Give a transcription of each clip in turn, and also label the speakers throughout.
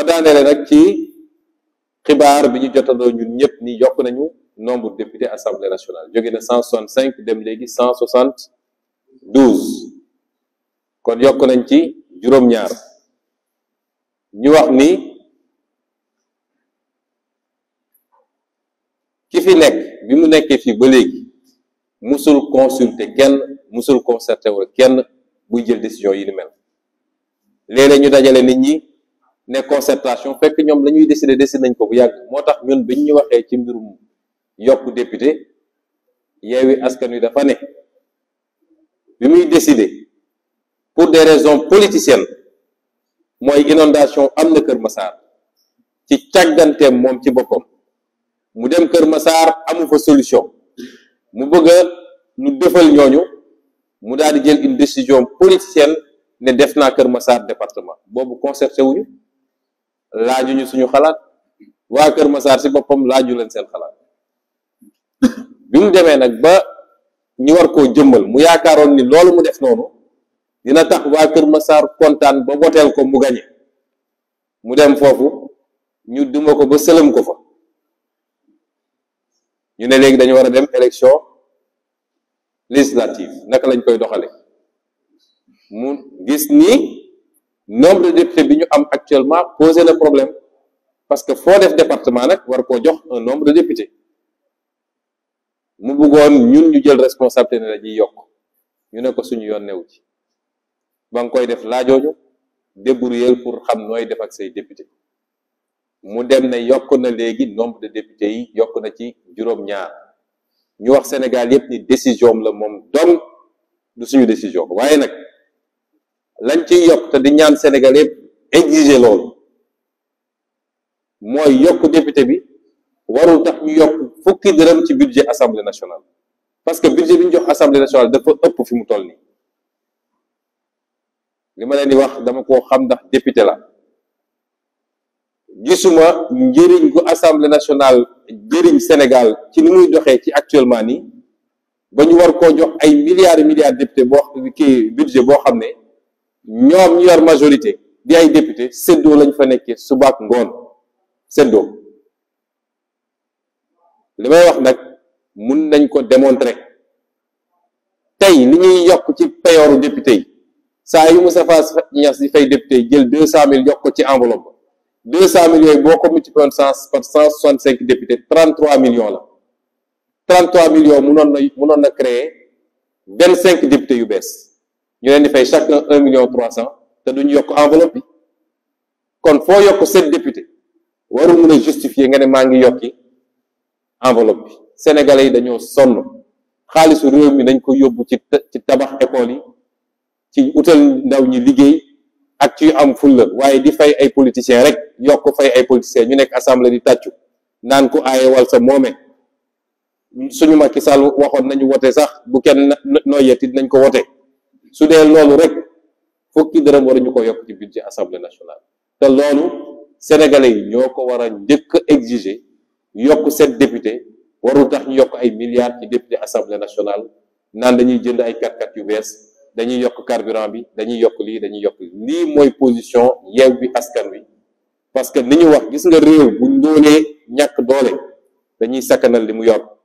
Speaker 1: ma daaneele nag ci xibaar bi ñu jotandoo ñun ñëpp ni yokk nañu nombre député assemblée nationale jóge na cent soixante cinq dem léegi cent soixante douze kon yokk nañ ci juróom-ñaar ñu wax ni ki fi nekk bi mu nekkee fii ba léegi musul consulter kenn musul concerté wu kenn buy jël décision yi ni mel léeg ñu dajale nit ñi ne concertation fekk ñoom la ñuy décider décider nañ ko bu yàgg moo tax ñun biñ ñu waxee ci mbirum yokk député yeewi askan wi dafa ne bi muy décider pour des raisons politiciennes mooy inondation am na Kër Massar ci càgganteem moom ci boppam mu dem Kër masaar amu fa solution mu bëgg a ñu defal ñooñu mu daal di jël une décision politicienne ne def naa Kër masaar département boobu concerté wuñ laajuñu suñu xalaat waa Kër Masaar si boppam laaju leen seen xalaat bi mu demee nag ba ñu war koo jëmbal mu yaakaaroon ni loolu mu def noonu dina tax waa Kër Masaar kontaan ba woteel ko mu gañe mu dem foofu ñu duma ko ba sëlëm ko fa ñu ne léegi dañu war a dem élection législative naka lañ koy doxale mu gis ni nombre de députés bi ñu am actuellement posé na problème parce que foo def département nag war koo jox un nombre de députés mu bëggoon ñun ñu jël responsabilité ne dañuy yokk ñu ne ko suñu yoon newu ci ba nga koy def laajooñu débrouiller pour xam nooy def ak say député mu dem ne yokk na léegi nombre de députés yi yokk na ci juróom-ñaar ñu wax Sénégal yépp ni décision la moom dong du suñu décision waaye nag lañ ciy yokk te di ñaan Sénégal yëpp exiger loolu mooy yokk député bi warul tax ñu yokk fukki dërëm ci budget assemblée nationale parce que budget bi ñu jox assemblée nationale dafa ëpp fi mu toll nii li ma leen di wax dama koo xam ndax député la gisuma njëriñ gu assemblée nationale njëriñ Sénégal ci li muy doxee ci actuellement nii ba ñu war koo jox ay milliards milliards député boo kii budget boo xam ne ñoom ñu yor majorité di ay député séddoo lañ fa nekkee suba ak ngoon séddoo li may wax nag mun nañ ko démontrer tey li ñuy yokk ci peyooru député yi saa yu Moustapha Niass di fay député yi jël deux cent mille yokk ci enveloppe deux cent mille boo ko multiplié par cent soixante cinq député trente trois millions la trente trois millions munoon na munoon na créer vingt cinq députés yu bees ñu leen di fay chacun un million trois cent te duñu yokk enveloppe bi kon foo yokk sept député waru mun a justifier nga ne maa ngi yokki enveloppe bi sénégalais yi dañoo sonn xaalisu réew mi dañ ko yóbbu ci ci tabax école yi ci utal ndaw ñi liggéey ak ci am fulla waaye di fay ay politiciens rek yokk fay ay politiciens ñu nekk assemblée di tàccu naan ko aaye wal sa moome suñu Macky Sall waxoon nañu wote sax bu kenn noyyeti nañ ko wote su dee loolu rek fukki dërëm war ñu ko yokk ci ci assemblée nationale te loolu sénégalais yi ñoo ko war a njëkk a yokk sept député warul tax ñu yokk ay milliards ci député assemblée nationale naan dañuy jënd ay katkat yu bees dañuy yokk carburant bi dañuy yokk lii dañuy yokk lii mooy position yeew bi askan wi parce que ni ñu wax gis nga réew bu ndóolee ñàkk doole dañuy sakkanal li mu yor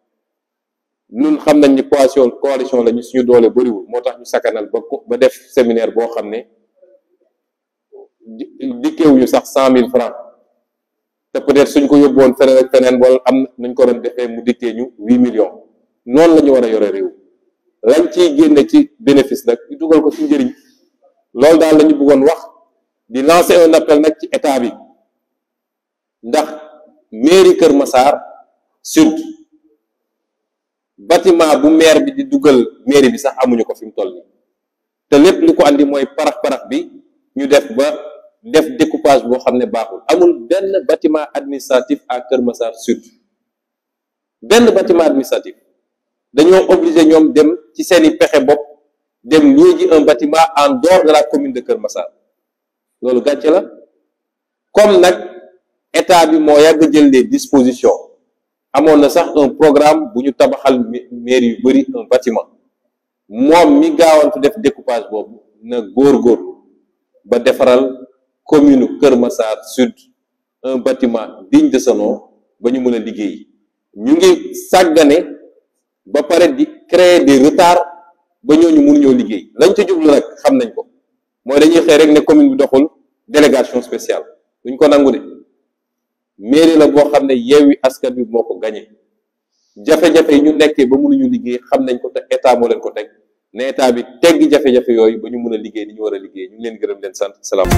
Speaker 1: ñun xam nañ ni coalition coalition la ñu suñu doolee bëriwul moo tax ñu sakkanal ba ba def séminaire boo xam ne dikkeewuñu sax cent mille francs te peut suñ ko yóbboon feneen ak feneen wala am nañ ko doon defee mu dikkee ñu huit millions noonu la ñu war a yore réew lañ ciy génne ci bénéfice nag ñu dugal ko ci njëriñ loolu daal lañu ñu bëggoon wax di lancer un appel nag ci état bi ndax mairie Kër Massar sud bâtiment bu maire bi di dugal maire bi sax amuñu ko fi mu toll nii te lépp li ko andi mooy parax parax bi ñu def ba def découpage boo xam ne baaxul amul benn bâtiment administratif ak Kër Massar Sud benn bâtiment administratif dañoo obligé ñoom dem ci seeni pexe bopp dem léegi ji un bâtiment en dehors de la commune de Kër Massar loolu gàcce la comme nag état bi moo yàgg jël les dispositions amoon na sax un programme bu ñu tabaxal mairie yu bëri un bâtiment moom mi gaawantu def découpage boobu na góorgóorlu ba defaral commune Kër Massar Sud un bâtiment digne de son ba ñu mën a liggéey ñu ngi sàggane ba pare di créer des retards ba ñu mun ñëw liggéey lañ ca jublu nag xam nañ ko mooy dañuy xëy rek ne commune bi doxul délégation spéciale duñ ko nangu de mairie la boo xam ne Yewwi Askan Wi moo ko gañe jafe-jafe yi ñu nekkee ba ñu liggéey xam nañ ko te état moo leen ko teg ne bi teg jafe-jafe yooyu ba ñu mën a liggéey ni ñu war a liggéey ñu ngi leen gërëm leen sant salaam